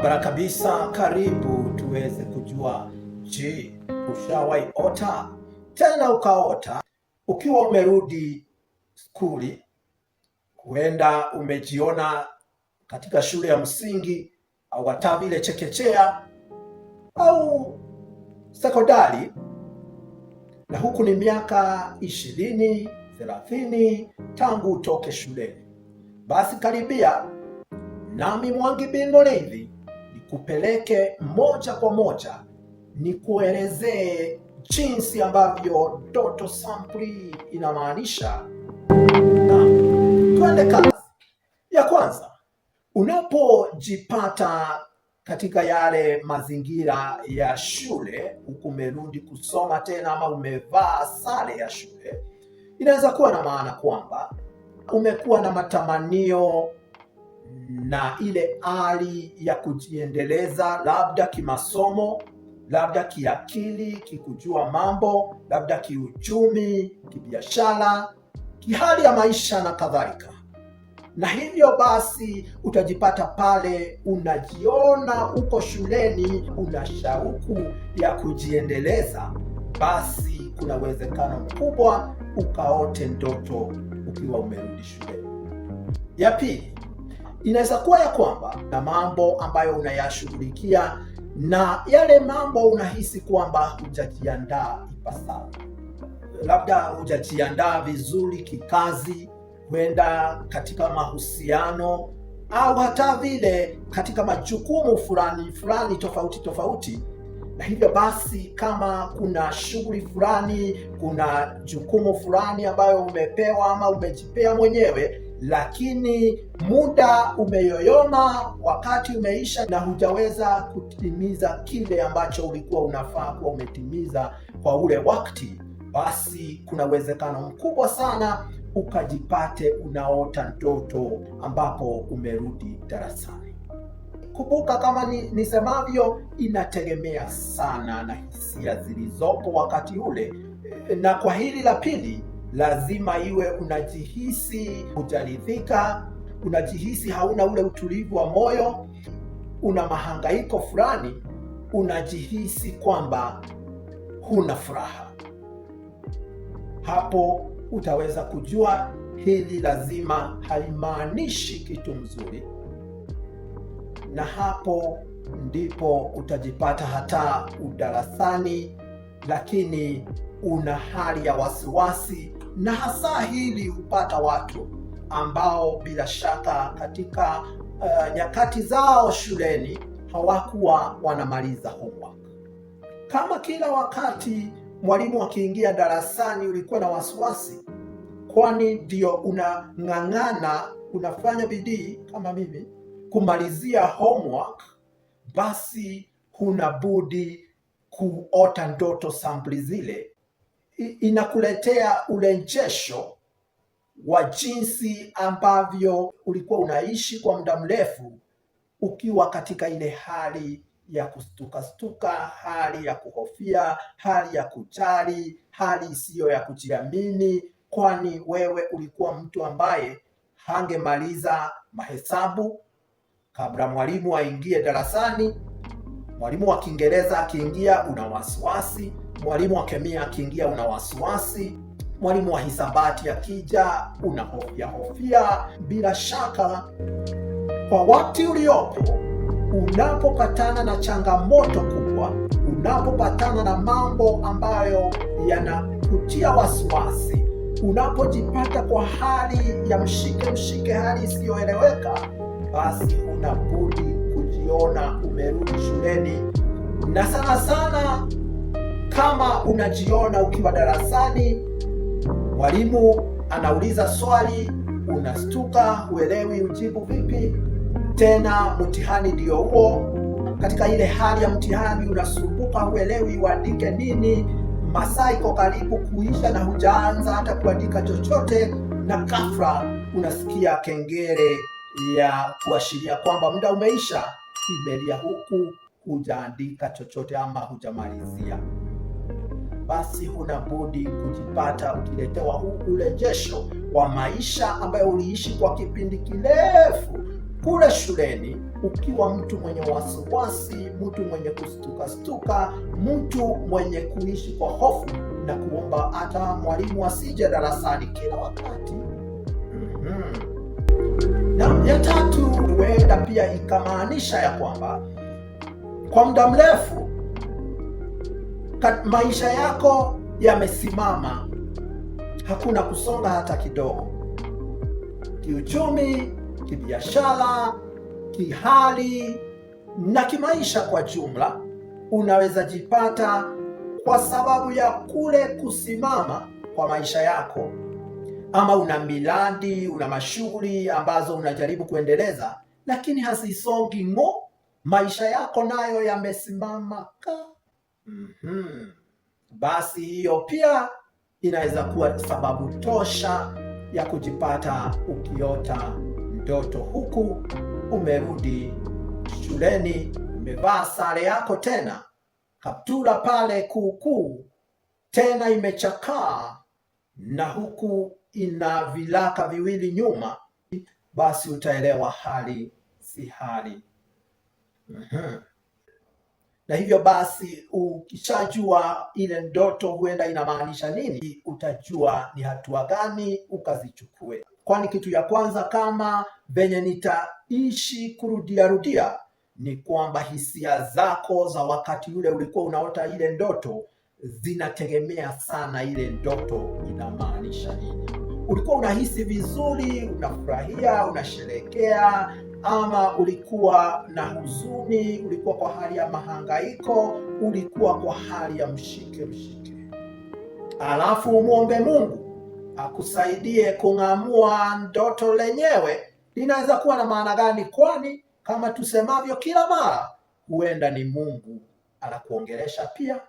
Barabara kabisa, karibu tuweze kujua. Je, ushawahi ota tena ukaota ukiwa umerudi skuli? Huenda umejiona katika shule ya msingi au hata vile chekechea au sekondari, na huku ni miaka ishirini thelathini tangu utoke shuleni. Basi karibia nami Mwangi Bindo Muridhi nikupeleke moja kwa moja nikuelezee jinsi ambavyo Doto Sampuli inamaanisha, na twende kazi. Ya kwanza, unapojipata katika yale mazingira ya shule, huku umerudi kusoma tena ama umevaa sare ya shule, inaweza kuwa na maana kwamba umekuwa na matamanio na ile hali ya kujiendeleza, labda kimasomo, labda kiakili, kikujua mambo, labda kiuchumi, kibiashara, kihali ya maisha na kadhalika. Na hivyo basi utajipata pale unajiona uko shuleni, una shauku ya kujiendeleza, basi kuna uwezekano mkubwa ukaote ndoto ukiwa umerudi shuleni. Ya pili inaweza kuwa ya kwamba na mambo ambayo unayashughulikia na yale mambo unahisi kwamba hujajiandaa ipasavyo, labda hujajiandaa vizuri kikazi, huenda katika mahusiano au hata vile katika majukumu fulani fulani tofauti tofauti. Na hivyo basi, kama kuna shughuli fulani, kuna jukumu fulani ambayo umepewa ama umejipea mwenyewe lakini muda umeyoyoma, wakati umeisha, na hujaweza kutimiza kile ambacho ulikuwa unafaa kuwa umetimiza kwa ule wakati, basi kuna uwezekano mkubwa sana ukajipate unaota ndoto ambapo umerudi darasani. Kumbuka, kama ni nisemavyo, inategemea sana na hisia zilizopo wakati ule, na kwa hili la pili lazima iwe unajihisi kutaridhika, unajihisi hauna ule utulivu wa moyo, una mahangaiko fulani, unajihisi kwamba huna furaha. Hapo utaweza kujua hili lazima halimaanishi kitu mzuri, na hapo ndipo utajipata hata udarasani, lakini una hali ya wasiwasi, na hasa hili hupata watu ambao bila shaka katika uh, nyakati zao shuleni hawakuwa wanamaliza homework. Kama kila wakati mwalimu akiingia darasani ulikuwa na wasiwasi, kwani ndio unang'ang'ana, unafanya bidii kama mimi kumalizia homework, basi huna budi kuota ndoto sampuli zile inakuletea urejesho wa jinsi ambavyo ulikuwa unaishi kwa muda mrefu ukiwa katika ile hali ya kustukastuka, hali ya kuhofia, hali ya kujali, hali isiyo ya kujiamini, kwani wewe ulikuwa mtu ambaye hangemaliza mahesabu kabla mwalimu aingie darasani. Mwalimu wa Kiingereza akiingia, una wasiwasi. Mwalimu wa kemia akiingia, una wasiwasi. Mwalimu wa hisabati akija, una hofia hofia. Bila shaka, kwa wakati uliopo, unapopatana na changamoto kubwa, unapopatana na mambo ambayo yanakutia wasiwasi, unapojipata kwa hali ya mshike mshike, hali isiyoeleweka, basi unabudi kujiona umerudi shuleni na sana sana kama unajiona ukiwa darasani, mwalimu anauliza swali, unastuka, uelewi ujibu vipi, tena mtihani ndio huo. Katika ile hali ya mtihani unasumbuka, uelewi uandike nini, masaa iko karibu kuisha na hujaanza hata kuandika chochote, na ghafla unasikia kengele ya kuashiria kwamba muda umeisha, imelia, huku hujaandika chochote ama hujamalizia basi huna budi kujipata ukiletewa huu urejesho wa maisha ambayo uliishi kwa kipindi kirefu kule shuleni, ukiwa mtu mwenye wasiwasi, mtu mwenye kustukastuka, mtu mwenye kuishi kwa hofu na kuomba hata mwalimu asije darasani kila wakati. Mm-hmm. Na ya tatu, huenda pia ikamaanisha ya kwamba kwa muda mrefu maisha yako yamesimama, hakuna kusonga hata kidogo, kiuchumi, kibiashara, kihali na kimaisha kwa jumla, unaweza jipata kwa sababu ya kule kusimama kwa maisha yako. Ama una miradi, una mashughuli ambazo unajaribu kuendeleza, lakini hazisongi ng'o, maisha yako nayo yamesimama mm -hmm. Basi hiyo pia inaweza kuwa sababu tosha ya kujipata ukiota ndoto huku umerudi shuleni, umevaa sare yako tena, kaptura pale kuukuu tena imechakaa, na huku ina vilaka viwili nyuma, basi utaelewa hali si hali. mm -hmm na hivyo basi ukishajua ile ndoto huenda inamaanisha nini, utajua ni hatua gani ukazichukue. Kwani kitu ya kwanza kama venye nitaishi kurudia rudia ni kwamba hisia zako za wakati ule ulikuwa unaota ile ndoto zinategemea sana ile ndoto inamaanisha nini. Ulikuwa unahisi vizuri, unafurahia, unasherekea ama ulikuwa na huzuni, ulikuwa kwa hali ya mahangaiko, ulikuwa kwa hali ya mshike mshike, alafu umwombe Mungu akusaidie kung'amua ndoto lenyewe linaweza kuwa na maana gani, kwani kama tusemavyo kila mara, huenda ni Mungu anakuongelesha pia